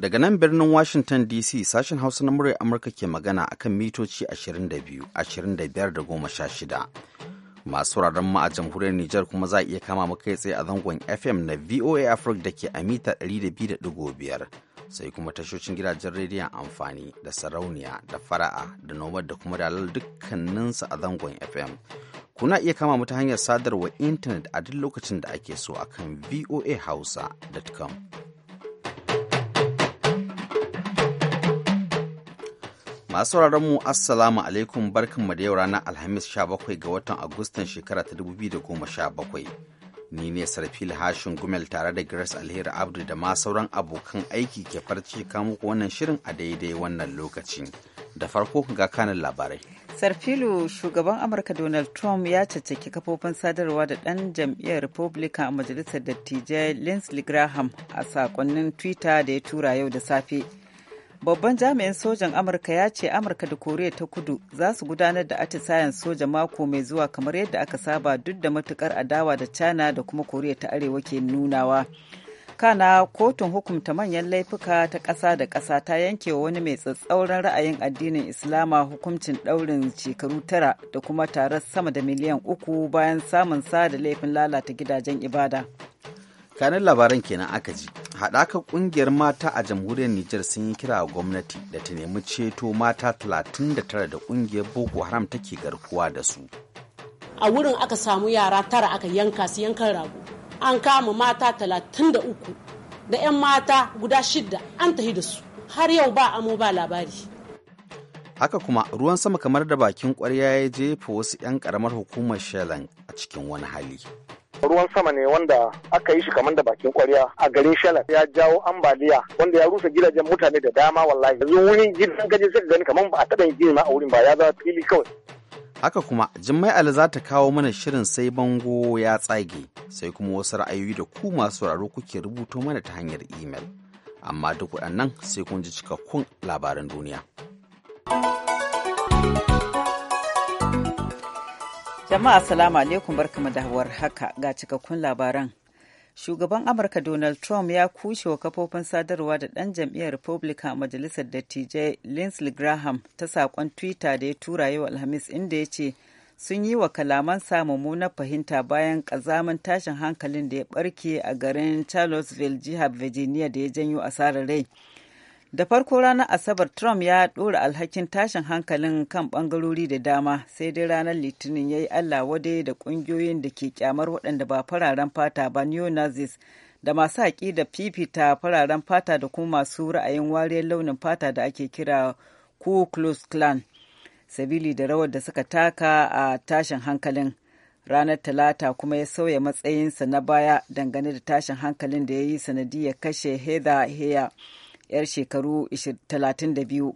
Daga nan birnin Washington DC sashen Hausa na muryar Amurka ke magana akan mitoci 22, 25 da 16. Masu wuraren mu a jamhuriyar Nijar kuma za a iya kama mu kai tsaye a zangon FM na VOA Africa da ke a mita 200.5 sai kuma tashocin gidajen rediyon amfani da sarauniya da fara'a da nomad da kuma dalar dukkaninsu a zangon FM. Kuna iya kama mu ta hanyar sadarwa intanet a duk lokacin da ake so akan voahausa.com. Masu sauraron mu Assalamu alaikum barkanmu da yau ranar Alhamis 17 ga watan Agustan shekara ta 2017. Ni ne Sarfil Hashin Gumel tare da Grace Alheri Abdu da ma sauran abokan aiki ke farce muku wannan shirin a daidai wannan lokacin. Da farko ga kanin labarai. Sarfilu shugaban Amurka Donald Trump ya caccaki kafofin sadarwa da ɗan jam'iyyar Republican a majalisar dattijai Lindsey Graham a sakonnin Twitter da ya tura yau da safe. Babban jami'in sojan Amurka ya ce Amurka da Koriya ta kudu za su gudanar da atisayen soja mako mai zuwa kamar yadda aka saba duk da matukar adawa da China da kuma Koriya ta Arewa ke nunawa. kana kotun hukunta manyan laifuka ta ƙasa da ƙasa ta yanke wani mai tsatsauran ra'ayin addinin islama hukuncin ɗaurin shekaru tara da kuma tarar sama da miliyan uku bayan samun sa da laifin lalata gidajen ibada kanin labaran kenan aka ji haɗaka ƙungiyar mata a jamhuriyar nijar sun yi kira gwamnati da ta nemi ceto mata 39 da ƙungiyar boko haram take garkuwa da su a wurin aka samu yara tara aka yanka su yankan rago an kama mata 33 da 'yan mata guda shida an tahi da su har yau ba amo ba labari haka kuma ruwan sama kamar da bakin kwarya ya jefa wasu 'yan karamar hukumar shelan a cikin wani hali ruwan sama ne wanda aka yi shi kamar da bakin kwarya a garin shalar ya jawo ambaliya wanda ya rusa gidajen mutane da dama wallahi yanzu wurin gidan gaji sai gani kamar ba a taɓa yin gini ma a wurin ba ya zama fili kawai haka kuma jimmai ali za ta kawo mana shirin sai bango ya tsage sai kuma wasu ra'ayoyi da ku masu sauraro kuke rubuto mana ta hanyar imel amma duk waɗannan sai kun ji cikakkun labaran duniya. Jama'a salamu alaikum barkamu da hawar haka ga cikakkun labaran. Shugaban Amurka Donald Trump ya kushe wa kafofin sadarwa da ɗan jam'iyyar Republican Majalisar Dattijai Lindsey Graham ta sakon Twitter da ya tura yau Alhamis inda ya ce sun yi wa kalaman kalamansa mummunar fahimta bayan ƙazamin tashin hankalin da ya barke a garin Charlottesville, jihar Virginia da ya janyo asarar rai. Da farko ranar Asabar Trump ya ɗora alhakin tashin hankalin kan ɓangarori da dama sai dai ranar Litinin ya yi Allah wadai da ƙungiyoyin da ke kyamar waɗanda ba fararen fata ba neo-nazis da masu haƙi da fifita fararen fata da kuma masu ra'ayin wariyar launin fata da ake kira Ku close Klan. Sabili da rawar da suka taka a tashin hankalin. ranar talata kuma ya sauya matsayinsa na baya dangane da tashin hankalin da ya yi sanadiyar kashe heather heyer 'yar shekaru 32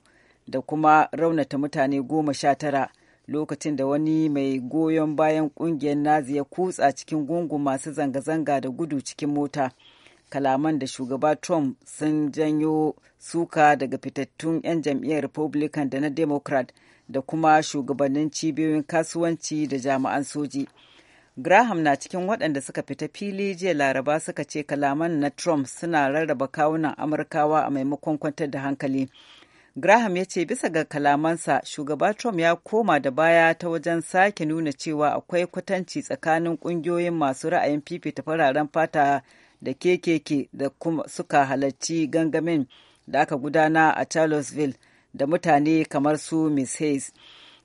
da kuma raunata mutane goma sha tara lokacin da wani mai goyon bayan kungiyar nazi ya kutsa cikin gungun masu zanga-zanga da gudu cikin mota kalaman da shugaba trump sun janyo suka daga fitattun 'yan jam'iyyar republican da na democrat da kuma shugabannin cibiyoyin kasuwanci da jami'an soji. Graham na cikin waɗanda suka fita fili jiya laraba suka ce kalaman na Trump suna rarraba kawunan Amurkawa a maimakon kwantar da hankali. Graham ya ce bisa ga kalamansa shugaba Trump ya koma da baya ta wajen sake nuna cewa akwai kwatanci tsakanin ƙungiyoyin masu ra'ayin fifita fararen fata da kekeke da kuma suka halarci gangamin da aka gudana a Charlottesville da mutane kamar su Miss Hayes.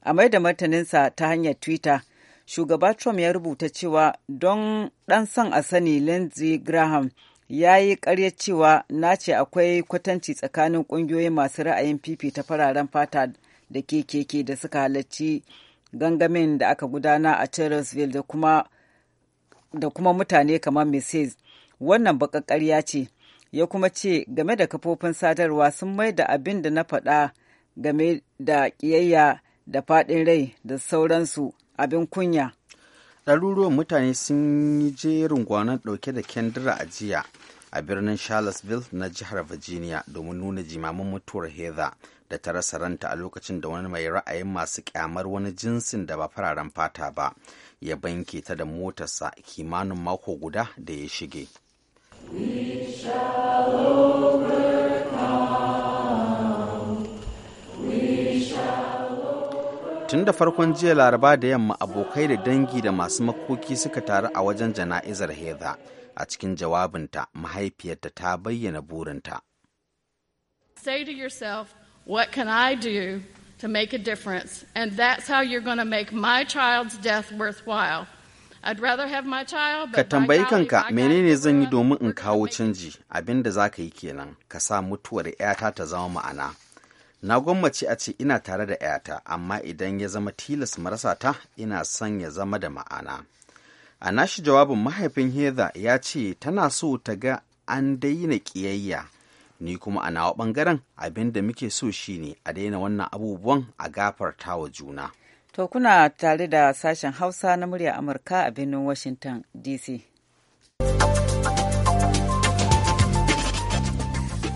A mai da martaninsa ta hanyar Twitter, shugaba Trump ya rubuta cewa don ɗan son a sani Lindsey Graham ya yi karya cewa na ce akwai kwatanci tsakanin ƙungiyoyin masu ra'ayin fifita fararen fata da kekeke da suka halarci gangamin da aka gudana a Charlottesville da kuma da kuma mutane kamar Mrs. Wannan baƙar ƙarya ce, ya kuma ce game da kafofin sadarwa sun mai da abin da na faɗa game da ƙiyayya da faɗin rai da sauransu abin kunya ɗaruruwan mutane sun yi jerin gwanon ɗauke da kendira a jiya a birnin charlottesville na jihar virginia domin nuna jimamin mutuwar heather da ta rasa ranta a lokacin da wani mai ra'ayin masu kyamar wani jinsin da ba fararen fata ba ya banke ta da motarsa kimanin mako guda da ya shige. We shall tun da farkon jiya laraba da yamma abokai da dangi da masu makoki suka taru a wajen jana'izar heather a cikin jawabinta mahaifiyarta ta bayyana burinta say to yourself what can i do to make a difference and that's how you're going to make my child's death worthwhile I'd rather have my child, but ka tambayi kanka menene zan yi domin in kawo canji abin da za ka yi kenan ka sa mutuwar 'yata ta zama ma'ana na gwammace a ce ina tare da 'yata amma idan ya zama tilas marasa ta ina son ya zama da ma'ana a nashi jawabin mahaifin heather ya ce tana so ta ga an daina ƙiyayya ni kuma a nawa ɓangaren abin da muke so shi ne a daina wannan abubuwan a gafarta wa juna to kuna tare da sashen hausa na murya amurka a birnin washington dc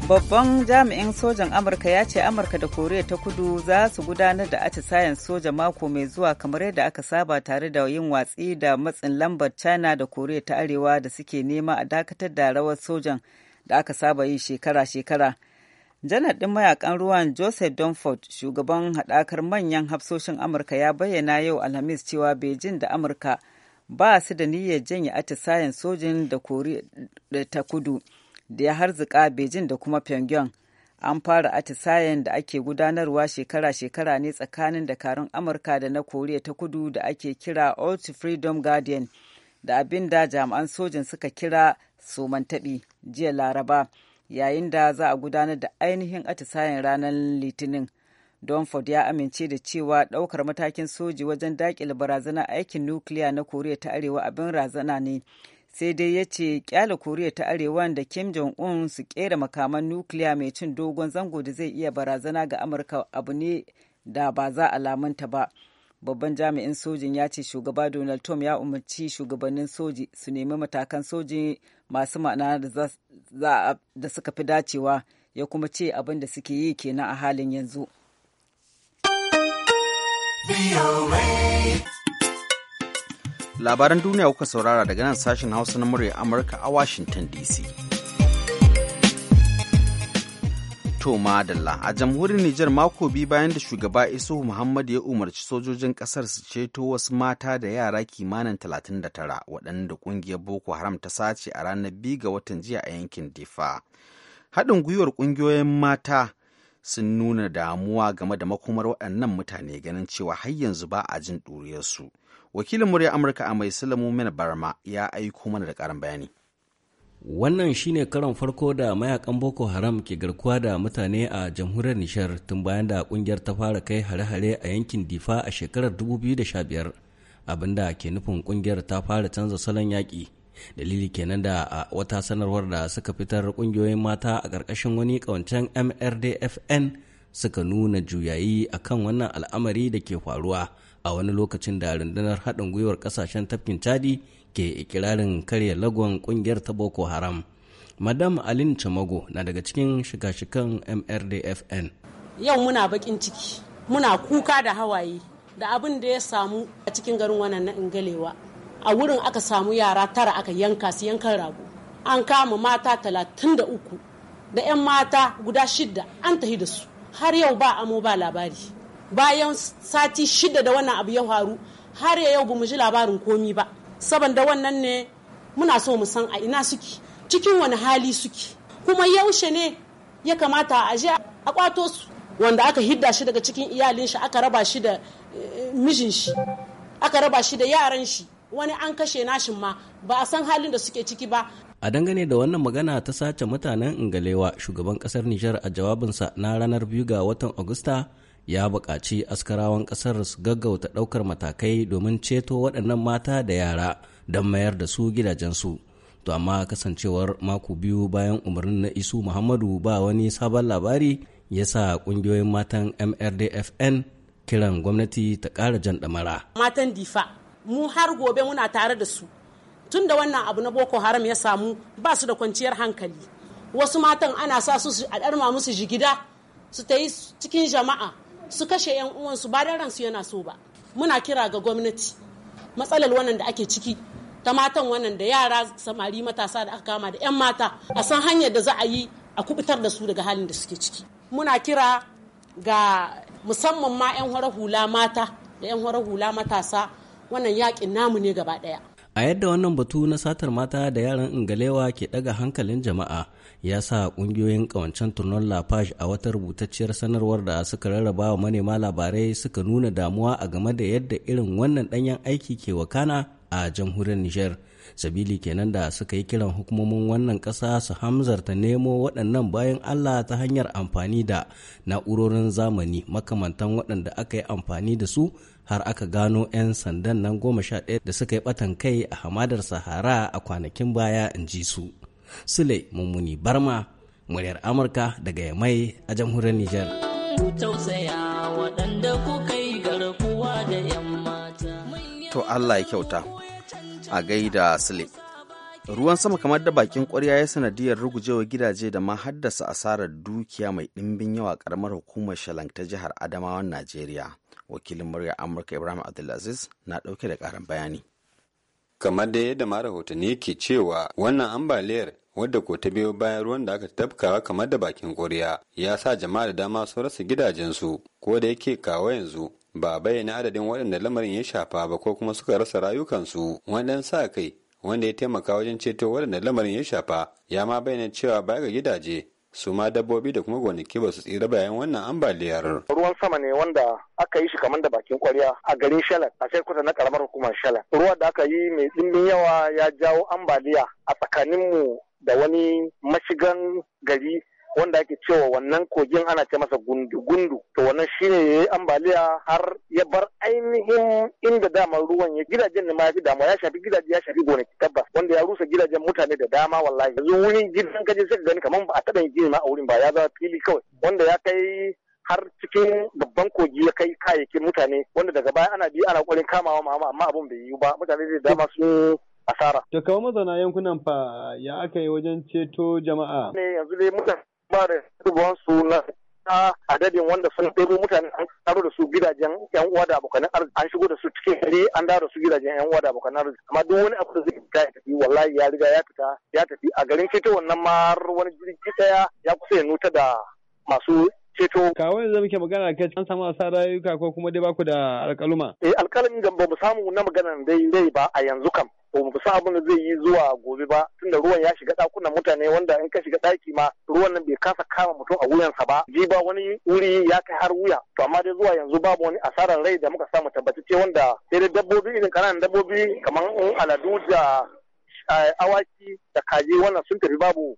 Babban jami'in sojan Amurka ya ce Amurka da Koriya ta kudu za su gudanar da atisayen soja mako mai zuwa kamar yadda aka saba tare da yin watsi da matsin lambar China da Koriya ta Arewa da suke nema a dakatar da rawar sojan da aka saba yi shekara-shekara. janar ɗin mayakan ruwan joseph dunford shugaban haɗakar manyan hafsoshin amurka ya bayyana yau alhamis cewa beijing da amurka ba su da niyyar janye atisayen sojin da ta kudu da ya harzika Beijing da kuma Pyongyang. An fara atisayen da ake gudanarwa shekara-shekara ne tsakanin dakarun Amurka da na Koriya ta kudu da ake kira Old Freedom Guardian da abin da jami'an sojin suka kira somantaɓi jiya Laraba yayin da za a gudanar da ainihin atisayen ranar Litinin. Donford ya amince da cewa ɗaukar matakin soji wajen daƙile barazanar aikin nukiliya na Koriya ta Arewa abin razana ne sai dai ya ce kyala koriya ta arewa da kim jong-un su kera makaman nukiliya mai cin dogon zango da zai iya barazana ga amurka abu ne da ba za a lamunta ba babban jami'in sojin ya ce shugaba donald trump ya umarci shugabannin soji su nemi matakan soji masu ma'ana da suka fi dacewa ya kuma ce abin da suke yi kenan a halin yanzu. labaran duniya kuka saurara daga nan sashen hausa na murya amurka a washington dc to madalla a jamhuriyar nijar mako biyu bayan da shugaba isuhu muhammad ya umarci sojojin kasar su ceto wasu mata da yara kimanin 39 waɗanda ƙungiyar boko haram ta sace a ranar 2 ga watan jiya a yankin difa haɗin gwiwar ƙungiyoyin mata sun nuna damuwa game da makomar waɗannan mutane ganin cewa har yanzu ba a jin ɗuriyarsu wakilin murya amurka a mai sulamu mina barma ya aiko mana da karin bayani wannan shine karon farko da mayakan boko haram ke garkuwa da mutane a jamhuriyar nishar tun bayan da kungiyar ta fara kai hare-hare a yankin difa a shekarar 2015 abinda ke nufin kungiyar ta fara canza salon yaƙi dalili kenan da a wata sanarwar da suka fitar kungiyoyin mata a ƙarƙashin wani ƙawancen mrdfn suka nuna juyayi akan wannan al'amari da ke faruwa a wani lokacin da rundunar haɗin gwiwar ƙasashen tafkin chadi ke ikirarin karya lagon ƙungiyar ta boko haram madam alin chamago na daga cikin shika-shikan mrdfn yau muna baƙin ciki muna kuka da hawaye da abin da ya samu a cikin garin wannan na ingalewa a wurin aka samu yara tara aka yanka su yankan rago an kama mata talatin da uku da 'yan mata guda shida an tahi da su har yau ba amo ba labari bayan sati shida da wannan abu ya faru har ya yau ba mu ji labarin komi ba saboda wannan ne muna so mu san a ina suke cikin wani hali suke kuma yaushe ne ya kamata a je a kwato su wanda aka hidda shi daga cikin iyalin shi aka raba shi da eh, mijin shi aka raba shi da yaran shi wani an kashe nashin ma ba a san halin da suke ciki ba a dangane da wannan magana ta sace mutanen ingalewa shugaban kasar nijar a jawabinsa na ranar biyu ga watan agusta ya buƙaci askarawan ƙasar su gaggauta ɗaukar matakai domin ceto waɗannan mata da yara don mayar da su gidajensu to amma kasancewar mako biyu bayan umarnin na isu muhammadu ba wani sabon labari ya sa ƙungiyoyin matan mrdfn kiran gwamnati ta ƙara jan ɗamara matan difa mu har gobe muna tare da su tun da wannan abu na boko haram ya samu ba su da kwanciyar hankali wasu matan ana sa su a ɗarma musu jigida su ta yi cikin jama'a su kashe yan uwansu ba dan ransu yana so ba muna kira ga gwamnati matsalar wannan da ake ciki ta matan wannan da yara samari matasa da aka kama da 'yan mata a san hanyar da za a yi a kubutar da su daga halin da suke ciki muna kira ga musamman ma 'yan hula mata da 'yan hula matasa wannan yakin namu ne gaba daya A yadda wannan batu na satar mata da yaran Ingalewa ke ɗaga hankalin jama'a ya sa ƙungiyoyin ƙawancen turnon Lafage a wata rubutacciyar sanarwar da suka rarraba wa manema labarai suka nuna damuwa a game da yadda irin wannan ɗanyen aiki ke wakana a jamhuriyar Nijar. Sabili kenan da suka yi kiran hukumomin wannan ƙasa su hamzarta nemo waɗannan bayan Allah ta hanyar amfani da na'urorin zamani makamantan waɗanda aka yi amfani da su har aka gano 'yan sandan nan goma sha ɗaya da suka yi ɓatan kai a hamadar sahara a kwanakin baya in ji su sule mummuni barma muryar amurka daga yamai a jamhuriyar niger to allah ya kyauta a gaida sule ruwan sama kamar da bakin kwarya ya sanadiyar rugujewa gidaje da ma haddasa asarar dukiya mai ɗimbin yawa karamar hukumar shalanta ta jihar adamawan najeriya wakilin murya amurka ibrahim abdulaziz na ɗauke da ƙarin bayani kamar da yadda ma rahotanni ke cewa wannan ambaliyar wadda ko ta biyo bayan ruwan da aka tafkawa kamar da bakin ƙuriya ya sa jama'a da dama sun rasa gidajensu ko da yake kawo yanzu ba bayyana adadin waɗanda lamarin ya shafa ba ko kuma suka rasa rayukansu wannan sa kai wanda ya taimaka wajen ceto waɗanda lamarin ya shafa ya ma bayyana cewa baya ga gidaje su ma dabbobi da kuma gonaki ba su tsira bayan wannan ambaliyar. Ruwan sama ne wanda aka yi shi kamar da bakin kwarya a garin Shalat a sai kusa na karamar hukumar Shalat. Ruwa da aka yi mai dimbin yawa ya jawo ambaliya a tsakaninmu da wani mashigan gari wanda ake cewa wannan kogin ana ce masa gundu-gundu to wannan shine ya ambaliya har ya bar ainihin inda dama ruwan ya gidajen ne ma ya fi damuwa ya shafi gidaje ya shafi gonaki tabbas wanda ya rusa gidajen mutane da dama wallahi yanzu wuri gidan kaje sai gani kamar ba a taɓa gini ma a wurin ba ya zama fili kawai wanda ya kai har cikin babban kogi ya kai kayayyakin mutane wanda daga baya ana biyu ana kwarin kamawa mama amma abun bai yiwu ba mutane da dama sun asara. To kawo mazauna yankunan fa ya aka yi wajen ceto jama'a. Ne yanzu dai mutane ba da su na a adadin wanda sun ɗebo mutane an karo da su gidajen yan uwa da abokan arziki an shigo da su cikin hali an dawo da su gidajen yan uwa da abokan arziki amma duk wani abu da zai fita ya tafi wallahi ya riga ya fita ya tafi a garin fito wannan ma wani jirgi daya ya kusa ya nuta da masu ceto. Eh, Kawo yanzu muke magana kai an samu asa rayuka ko kuma dai baku da alkaluma. Eh alkalamin da ba mu samu na maganan dai dai ba a yanzu kam. Ba mu san abin da zai yi zuwa gobe ba tunda ruwan ya shiga dakunan mutane wanda in ka shiga ɗaki ma ruwan nan bai kasa kama mutum a wuyansa ba. Ji ba wani wuri ya kai har wuya. To amma dai zuwa yanzu babu wani asarar rai da muka samu ce wanda sai dai dabbobi irin kananan dabbobi kamar aladu da eh, awaki da kaji wannan sun tafi babu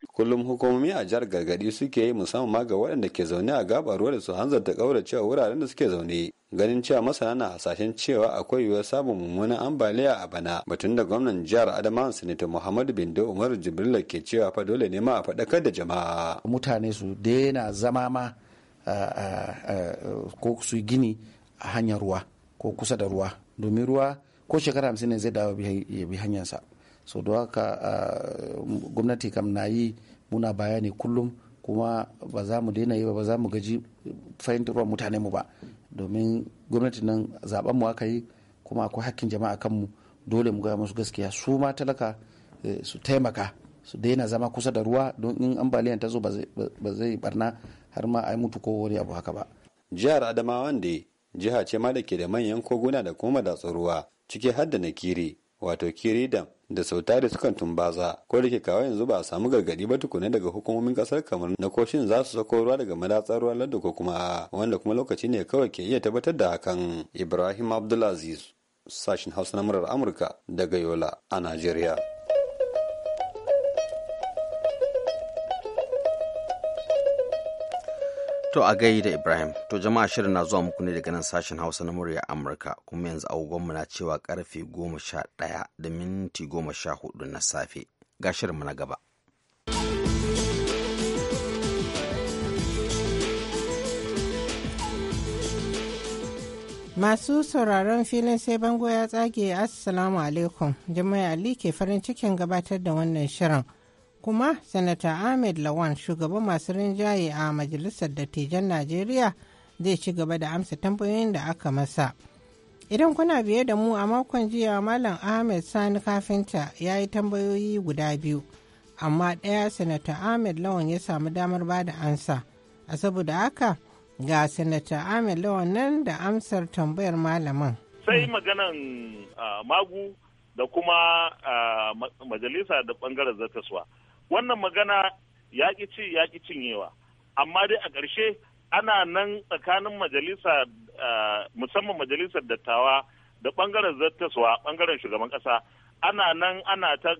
su Kullum hukumomi a jihar gargadi suke yi musamman ma ga waɗanda ke zaune a gabar ruwa da su hanzarta ƙaura cewa wuraren da suke zaune. Ganin cewa masana na hasashen cewa akwai yiwuwar samun mummunan ambaliya a bana batun da gwamnan jihar Adamawa Sanata Muhammadu Bindo Umaru Jibrila ke cewa fa dole ne ma a faɗakar da jama'a. Mutane su daina zama ma ko su gini a hanyar ruwa ko kusa da ruwa domin ruwa ko shekara hamsin ne zai dawo ya bi hanyarsa. so da haka gwamnati kam na yi muna bayani kullum kuma ba za mu daina yi ba za mu gaji fahimtarwa mutane mu ba domin gwamnati nan zaben mu aka yi kuma akwai hakkin jama'a kan mu dole mu gaya musu gaskiya su ma talaka e, su taimaka su daina zama kusa da ruwa don in ambaliyan ta zo ba zai barna har ma a mutu ko wani abu haka ba jihar adamawa da jiha ce ma da ke da manyan koguna da kuma da ruwa ciki har da na kiri wato kiri dam da sau tare sukan tumbaza ko da ke kawo yanzu ba a samu gargadi ba tukuna daga hukumomin kasar kamar na koshin za su sako ruwa daga madatsar ruwan ladda ko kuma a wanda kuma lokaci ne kawai ke iya tabbatar da hakan ibrahim abdulaziz sashin hausa na murar amurka daga yola a najeriya To a gai da Ibrahim, to jama'a shirin na zuwa muku ne daga nan sashen Hausa na murya Amurka kuma yanzu mu na cewa karfe goma sha ɗaya da minti goma sha hudu na safe. Ga shirinmu na gaba. Masu sauraron filin sai bango ya tsage Assalamu alaikum. Jama'a Ali ke farin cikin gabatar da wannan shirin. kuma sanata ahmed lawan shugaban masu rinjaye a majalisar dattijan najeriya zai ci gaba da amsa tambayoyin da aka masa idan kuna biye da mu a makon jiya malam ahmed sani kafinta ya yi tambayoyi guda biyu amma ɗaya sanata ahmed lawan ya samu damar ba da ansa a saboda haka ga sanata ahmed lawan nan da amsar tambayar malaman sai maganan ah, magu da kuma ah, majalisa da bangaren zartaswa. wannan magana ya ki ci ya ki cinyewa amma dai a ƙarshe ana nan tsakanin majalisa musamman majalisar dattawa da ɓangaren zattaswa ɓangaren shugaban ƙasa ana nan ana ta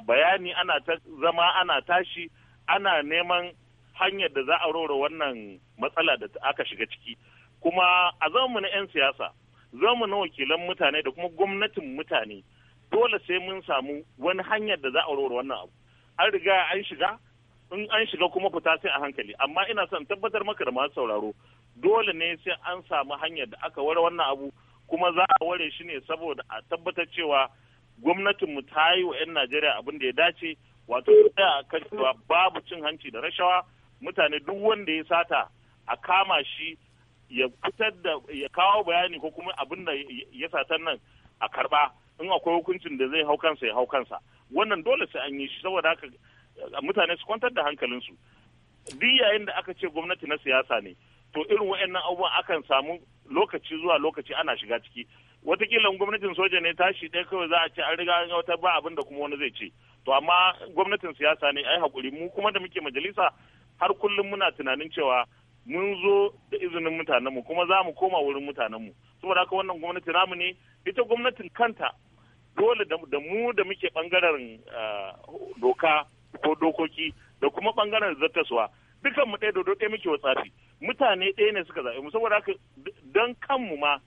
bayani ana ta zama ana tashi ana neman hanyar da za a rora wannan matsala da aka shiga ciki kuma a zamanmu na 'yan siyasa zamu na wakilan mutane da kuma gwamnatin mutane dole sai mun samu wani hanyar da za a rora wannan abu an riga an shiga in an shiga kuma fita sai a hankali amma ina son tabbatar maka da masu sauraro dole ne sai an samu hanyar da aka ware wannan abu kuma za a ware shi ne saboda a tabbatar cewa gwamnatin mu ta yi wa 'yan najeriya abin da ya dace wato tsaya a kan cewa babu cin hanci da rashawa mutane duk wanda ya sata a kama shi ya fitar da ya kawo bayani ko kuma abin da ya satan nan a karba in akwai hukuncin da zai hau kansa ya hau kansa wannan dole sai an yi shi saboda haka eh, mutane su kwantar da hankalinsu duk yayin da aka ce gwamnati na siyasa ne to irin wa'annan abubuwan akan samu lokaci zuwa lokaci ana shiga ciki watakila gwamnatin soja ne tashi ɗaya kawai za a ce an riga an wata ba abin da kuma wani zai ce to amma gwamnatin siyasa ne ai hakuri mu kuma da muke majalisa har kullum muna tunanin cewa mun zo da izinin mutanenmu kuma za mu koma wurin mutanenmu saboda haka wannan gwamnati namu ne ita gwamnatin kanta dole da mu da muke bangaren uh, doka ko dokoki da kuma bangaren zartaswa dukan mu ɗaya da ɗaya muke watsafi mutane ɗaya ne suka zaɓe mu saboda haka don kanmu ma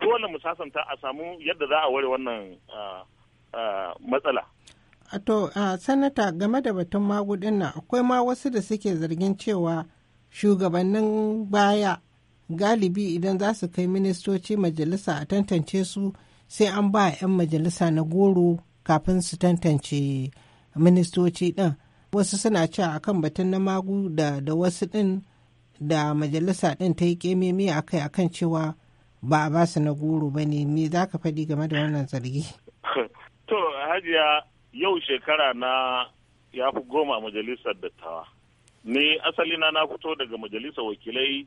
dole mu sasanta a samu yadda za a ware wannan uh, uh, matsala. To, sanata game da batun magudin nan akwai ma wasu da suke zargin cewa shugabannin baya galibi idan za su kai ministoci majalisa a tantance su sai an ba 'yan majalisa na goro kafin su tantance ministoci ɗin wasu suna cewa akan batun na magu da, wasu ɗin da majalisa ɗin ta yi kememi a kai akan cewa ba a basu na goro ba ne me za ka faɗi game da wannan zargi to hajiya yau shekara na ya fi goma majalisar dattawa ni asali na na fito daga majalisar wakilai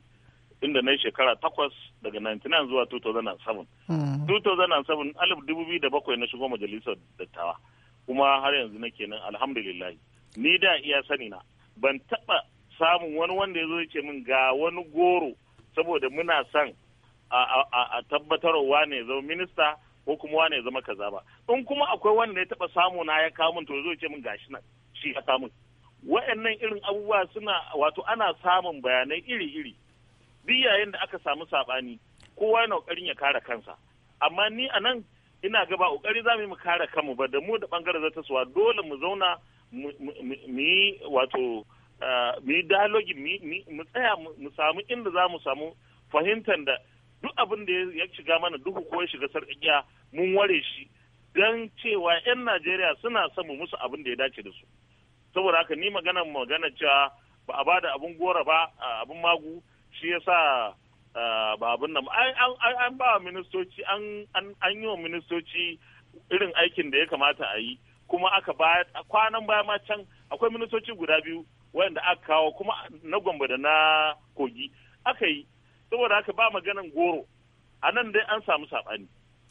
inda na shekara takwas daga 99 zuwa 2007 2007 hmm. alif na shigo majalisar dattawa kuma har yanzu nake nan alhamdulillah ni da iya sani na ban taba samun wani wanda ya zo ce min ga wani goro saboda muna son a tabbatarwa ne zama minista ko kuma wa ya zama kaza ba in kuma akwai wanda ya taba samu na ya kamun to zo ce min gashi nan shi ya kamun wa'annan irin abubuwa suna wato ana samun bayanai iri-iri duk yayin da aka samu saɓani kowa yana ƙoƙarin ya kare kansa amma ni a nan ina gaba ƙoƙari za mu yi mu kare kanmu ba da mu da ɓangaren suwa dole mu zauna mu yi wato eh, mu yi dialogi mu tsaya mu samu inda za mu samu fahimtar da duk abin da ya shiga mana duk ko ya shiga sarƙaƙiya mun ware shi don cewa 'yan najeriya suna son mu musu abin da ya dace da su saboda haka ni magana magana cewa ba a ba da abin gora ba abin magu shi yasa ah, ba abin nan an ba ministoci an yi wa ministoci irin aikin da ya kamata a yi kuma aka ba kwanan baya ma can akwai ministoci guda biyu wanda aka kawo kuma na gwamba da na kogi aka yi saboda haka ba maganan goro a nan dai an samu saɓani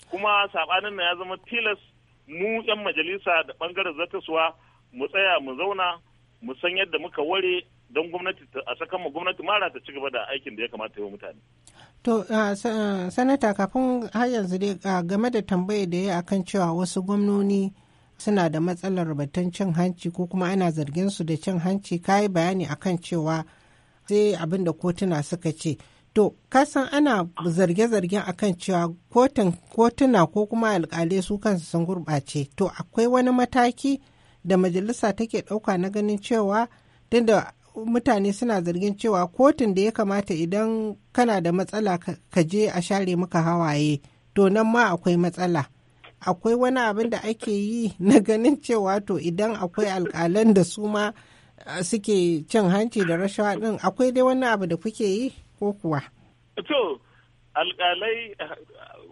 kuma saɓanin nan ya zama tilas mu 'yan majalisa da ɓangaren zatasuwa mu tsaya mu zauna mu san yadda muka ware don gwamnati a saka ma gwamnati mara ta ci gaba da aikin da ya kamata yi mutane. To, sanata kafin har yanzu dai game da tambaye da ya akan cewa wasu gwamnoni suna da matsalar batun cin hanci ko kuma ana zargin su da cin hanci ka yi bayani akan cewa sai abin da kotuna suka ce. To, kasan ana zarge-zargen akan cewa kotuna ko kuma alkalai su kansu sun gurbace, To, akwai wani mataki da majalisa take ɗauka na ganin cewa tunda mutane suna zargin cewa kotun da ya kamata idan kana da matsala ka je a share maka hawaye to nan ma akwai matsala akwai wani abin da ake yi na ganin cewa to idan akwai alƙalan da su ma suke cin hanci da rashawa din akwai dai wani abu da kuke yi ko kuwa to alkalai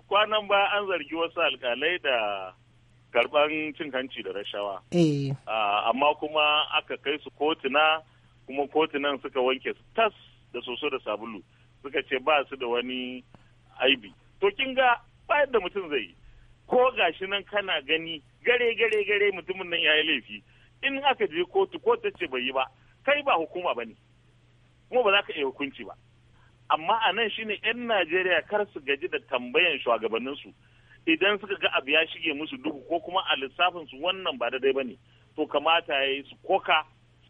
kwanan ba an zargi wasu alkalai da karban cin hanci da rashawa. Eh. Amma kuma aka kai su kotuna kuma kotunan suka wanke su tas da soso da sabulu suka ce ba su da wani aibi to kin ga ba yadda mutum zai yi ko gashi nan kana gani gare gare gare mutumin nan yayi laifi in aka je kotu ko ta ce bai yi ba kai ba hukuma bane kuma ba za ka iya hukunci ba amma a nan shine 'yan najeriya kar su gaji da tambayan shugabanninsu idan suka ga abu ya shige musu duhu ko kuma a lissafin su wannan ba daidai ba ne to kamata ya yi su koka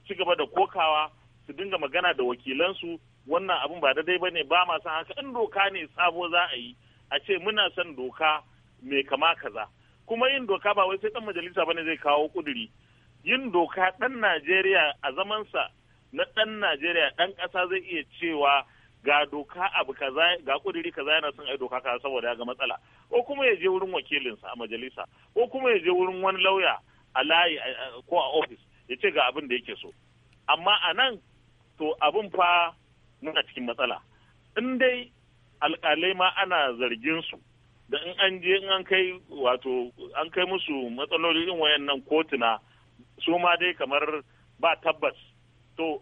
ci gaba da kokawa su dinga magana da wakilansu wannan abin ba daidai ba ne ba masu san haka in doka ne sabo za a yi a ce muna son doka mai kama kaza kuma yin doka ba wai sai dan majalisa ne zai kawo kuduri yin doka dan Najeriya a zamansa na dan Najeriya dan kasa zai iya cewa ga doka abu kaza ga kuduri kaza yana son ai doka kaza saboda ga matsala ko kuma ya je wurin wakilinsa a majalisa ko kuma ya je wurin wani lauya a layi ko a office ya ce ga abin da yake so amma a nan to abin fa muna cikin matsala in dai alkalai ma ana zargin su da in an je in an kai wato an kai musu matsaloli in wayannan kotuna su ma dai kamar ba tabbas to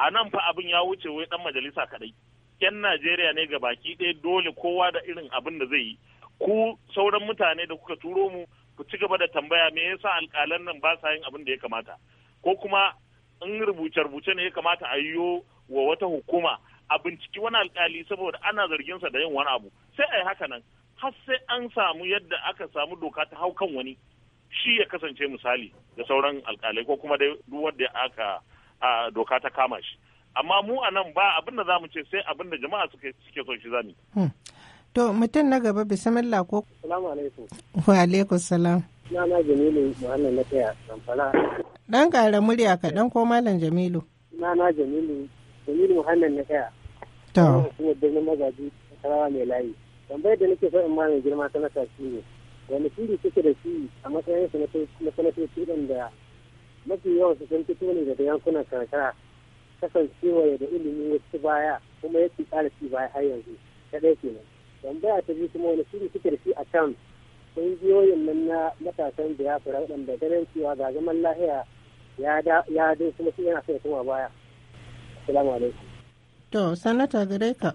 a nan fa abin ya wuce wai dan majalisa kadai yan najeriya ne ga baki ɗaya dole kowa da irin abin da zai yi ku sauran mutane da kuka turo mu ku ci gaba da tambaya me yasa alƙalan nan ba sa yin abin da ya kamata ko kuma in rubuce-rubuce ne ya kamata a yi wa wata hukuma a binciki wani alkali saboda ana zarginsa da yin wani abu sai a yi haka nan har sai an samu yadda aka samu doka ta hau kan wani shi ya kasance misali da sauran alkalai ko kuma duk wanda aka doka ta kama shi amma mu a nan ba abin da za mu ce sai abin da jama'a suke so shi zani. Hmm. to mutum na gaba bismillah ko. salamu alaikum. wa alaikum salam. na na jamilu muhammad na taya zamfara Dan gara murya kaɗan ko Malam Jamilu. Na na Jamilu, Jamilu Muhammad na kaya. To. Kuma birnin magaji tarawa mai layi. Tambayar da nake so in girma mai girma sanata shi ne. Wani shiri suke da shi a matsayin na dan da mafi yawan su sun fito ne daga yankunan karkara kasancewa da ilimi ya ci baya kuma yake tsara ƙara ci baya har yanzu ta ɗaya kenan. ta biyu kuma wani shiri suke da shi a kan kungiyoyin nan na matasan biyafura, waɗanda ganin cewa ga zaman lahiya ya dai kuma su yana sai kuma baya. Assalamu alaikum. To, sanata gare ka.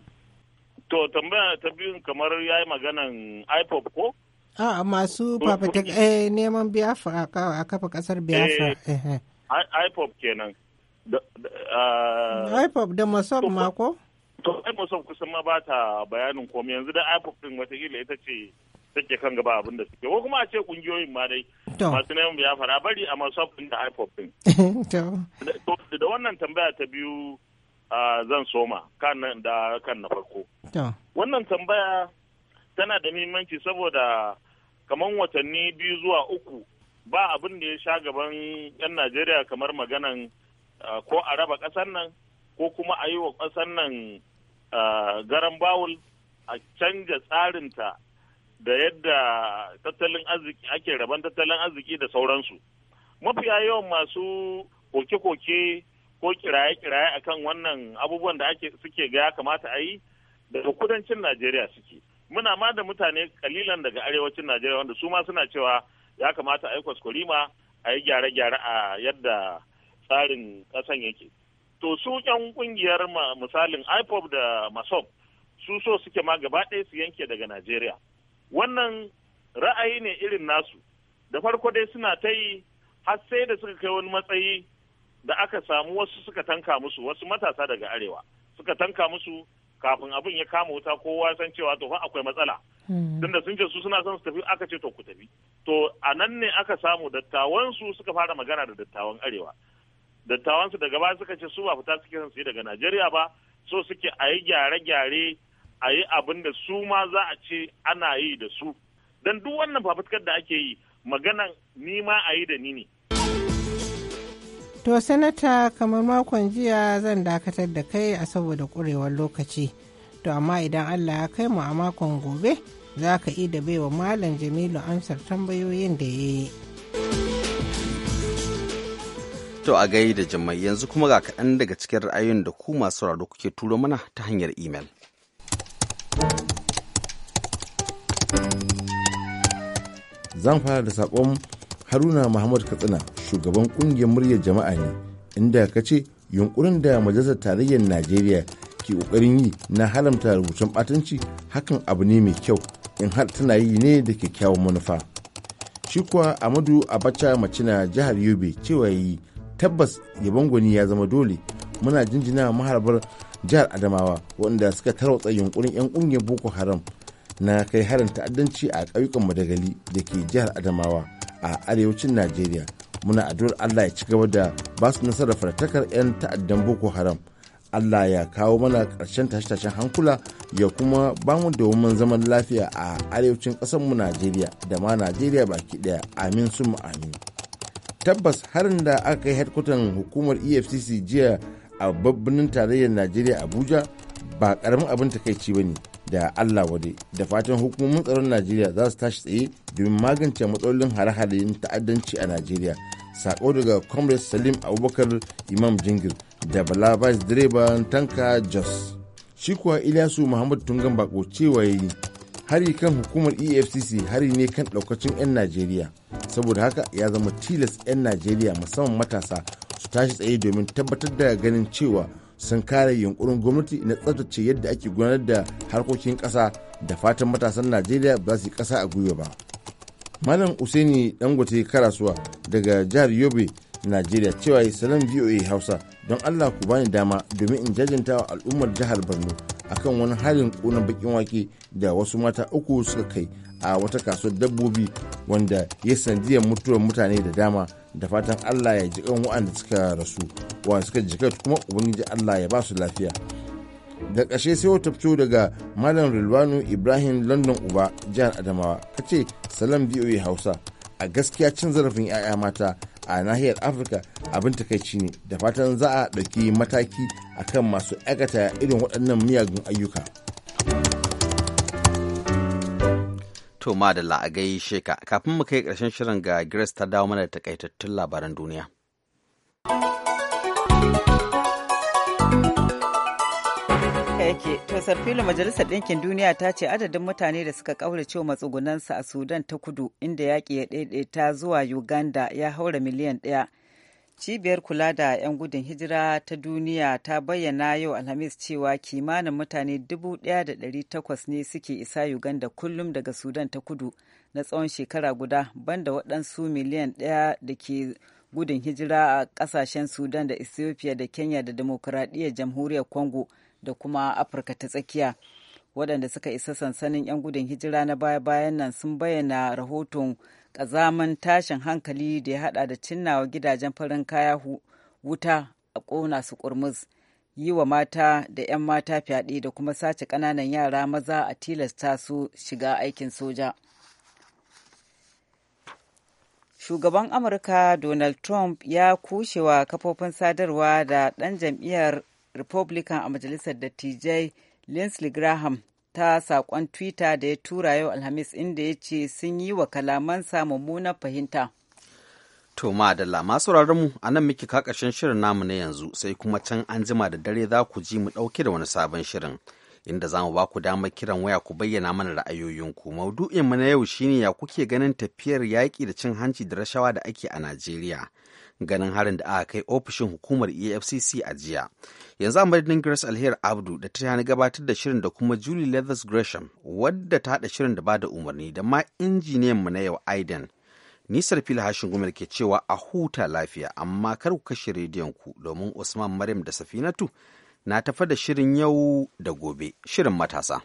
To, tambaya ta biyun kamar ya yi maganan IPOP ko? A masu fafatik eh, neman biyafra a kafa kasar biyafra. Eh, eh, eh. IPOP kenan. IPOP da masop mako? ko? To, IPOP kusan ma ba ta bayanin komi? yanzu da IPOP din watakila ita ce take kan gaba abin da suke ko kuma a ce kungiyoyin ma dai masu neman biyafara bari a masu abin da ipop din da wannan tambaya ta biyu zan soma kan da kan na farko wannan tambaya tana da muhimmanci saboda kamar watanni biyu zuwa uku ba abin da ya sha gaban 'yan najeriya kamar maganan ko a raba ƙasar nan ko kuma a yi wa ƙasar nan garan bawul a canja tsarinta da yadda tattalin arziki ake raban tattalin arziki da sauransu mafiya yawan masu koke-koke ko kiraye-kiraye akan wannan abubuwan da ake suke ga ya kamata a yi daga kudancin najeriya suke muna ma da mutane kalilan daga arewacin najeriya wanda su ma suna cewa ya kamata a yi kwaskwarima a yi gyare-gyare a yadda tsarin kasan yake to su yan kungiyar misalin ipop da masop su so suke ma gaba ɗaya su yanke daga najeriya wannan ra'ayi ne irin nasu da farko dai suna ta yi har sai da suka kai wani matsayi da aka samu wasu suka tanka musu wasu matasa daga arewa suka tanka musu kafin abin ya kama wuta kowa san cewa to fa akwai matsala hmm. tunda sun ce su suna son su tafi aka ce to ku tafi to a nan ne aka samu dattawan su suka fara magana da dattawan arewa dattawansu su daga ba suka ce su ba fita suke son su yi daga Najeriya ba so suke a yi gyare-gyare a yi abin da su ma za a ce ana yi da su don duk wannan fafutukar da ake yi magana ni ma a yi da ni ne. To sanata kamar makon jiya zan dakatar da kai a saboda kurewar lokaci. To amma idan Allah ya kai mu a makon gobe za ka yi da baiwa Malam Jamilu amsar tambayoyin da ya yi. To a gai da jama'i yanzu kuma ga kaɗan daga cikin ra'ayoyin da ku masu kuke turo mana ta hanyar imel. zan fara da sakon haruna muhammad katsina shugaban kungiyar muryar jama'a ne inda ka ce yunkurin da majalisar tarayyar najeriya ke kokarin yi na halamta rubutun batanci hakan abu ne mai kyau in har tana yi ne da kyakkyawan manufa shi kuwa amadu abacha macina jihar yobe cewa yi tabbas yabon gwani ya zama dole muna jinjina maharbar jihar adamawa wanda suka tarwatsa yunkurin 'yan kungiyar boko haram na kai harin ta'addanci a ƙauyukan madagali da ke jihar adamawa a arewacin najeriya muna addu'ar allah ya ci gaba da ba su nasarar fartakar 'yan ta'addan boko haram allah ya kawo mana ƙarshen tashe-tashen hankula ya kuma ba mu domin zaman lafiya a arewacin mu najeriya da ma najeriya baki ɗaya amin mu amin tabbas harin da aka kai hedkwatan hukumar efcc jiya a babbanin tarayyar najeriya abuja ba karamin abin takaici ba ne da allah wade da fatan hukumomin tsaron najeriya za su tashi tsaye domin magance matsalolin hare-haren ta'addanci a najeriya sako daga comrade salim abubakar imam jingir da bala vice direban tanka jos shi kuwa ilyasu muhammad tungan bako cewa yi hari kan hukumar efcc hari ne kan ɗaukacin 'yan najeriya saboda haka ya zama tilas 'yan najeriya musamman matasa su tashi tsaye domin tabbatar da ganin cewa sun kare yunkurin gwamnati na tsaftace yadda ake gudanar da harkokin ƙasa da fatan matasan najeriya ba su yi ƙasa a gwiwa ba malam usaini dangote karasuwa daga jihar yobe najeriya cewa yi salon voa hausa don allah ku bani dama domin in jajanta wa al'ummar jihar borno akan wani halin kunan bakin wake da wasu mata uku suka kai a wata kasuwar dabbobi wanda ya sanadiyar mutuwar mutane da dama da fatan allah ya ji kan wa'anda suka rasu wa suka jika kuma ubangiji allah ya basu lafiya da ƙashe sai wata fito daga malam rilwanu ibrahim london uba jihar adamawa ka ce salam voa hausa a gaskiya cin zarafin 'ya'ya mata a nahiyar afirka abin takaici ne da fatan za a ɗauki mataki akan masu aikata irin waɗannan miyagun ayyuka To madalla a gai sheka kafin mu kai ƙarshen shirin ga Grace ta dawo mana da takaitattun labaran duniya. yake to sarfilo majalisar ɗinkin duniya ta ce adadin mutane da suka ƙaurace matsugunansa a sudan ta kudu inda yaƙi ya ɗaiɗaita zuwa uganda ya haura miliyan ɗaya cibiyar kula da 'yan gudun hijira ta duniya ta bayyana yau alhamis cewa kimanin mutane 1,800 ne suke isa uganda kullum daga sudan ta kudu na tsawon shekara guda banda waɗansu miliyan ɗaya da ke gudun hijira a ƙasashen sudan da ethiopia da kenya da demokuraɗiyyar jamhuriyar congo da kuma afirka ta tsakiya waɗanda suka isa sansanin 'yan gudun hijira na baya-bayan nan sun bayyana rahoton ƙazamin tashin hankali da ya haɗa da cinnawa gidajen farin kaya wuta a ƙona su ƙurmus yi wa mata da 'yan mata fyaɗe da kuma sace ƙananan yara maza a tilasta su shiga aikin soja. Shugaban Amurka Donald Trump ya kushewa kafofin sadarwa da ɗan jam'iyyar Republican a Majalisar Dattijai Lindsey Graham ta saƙon Twitter da ya tura yau Alhamis inda ya ce sun yi wa kalamansa mummunar fahimta. To madalla masu mu a nan muke kakashin shirin namu na yanzu sai kuma can an jima da dare za ku ji mu ɗauke da wani sabon shirin. Inda za mu ba ku damar kiran waya ku bayyana mana ra'ayoyinku. mu na yau shine ya kuke ganin tafiyar yaƙi da cin hanci da rashawa da ake a Najeriya. ganin harin da aka kai ofishin hukumar efcc a jiya yanzu a madadin grace alheri abdu da ta yana gabatar da shirin da kuma julie leathers gresham wadda ta haɗa shirin da ba da umarni da ma injiniyan mu na yau iden nisar fili hashin gumar ke cewa a huta lafiya amma kar ku kashe rediyon ku domin usman maryam da safinatu na tafa da shirin yau da gobe shirin matasa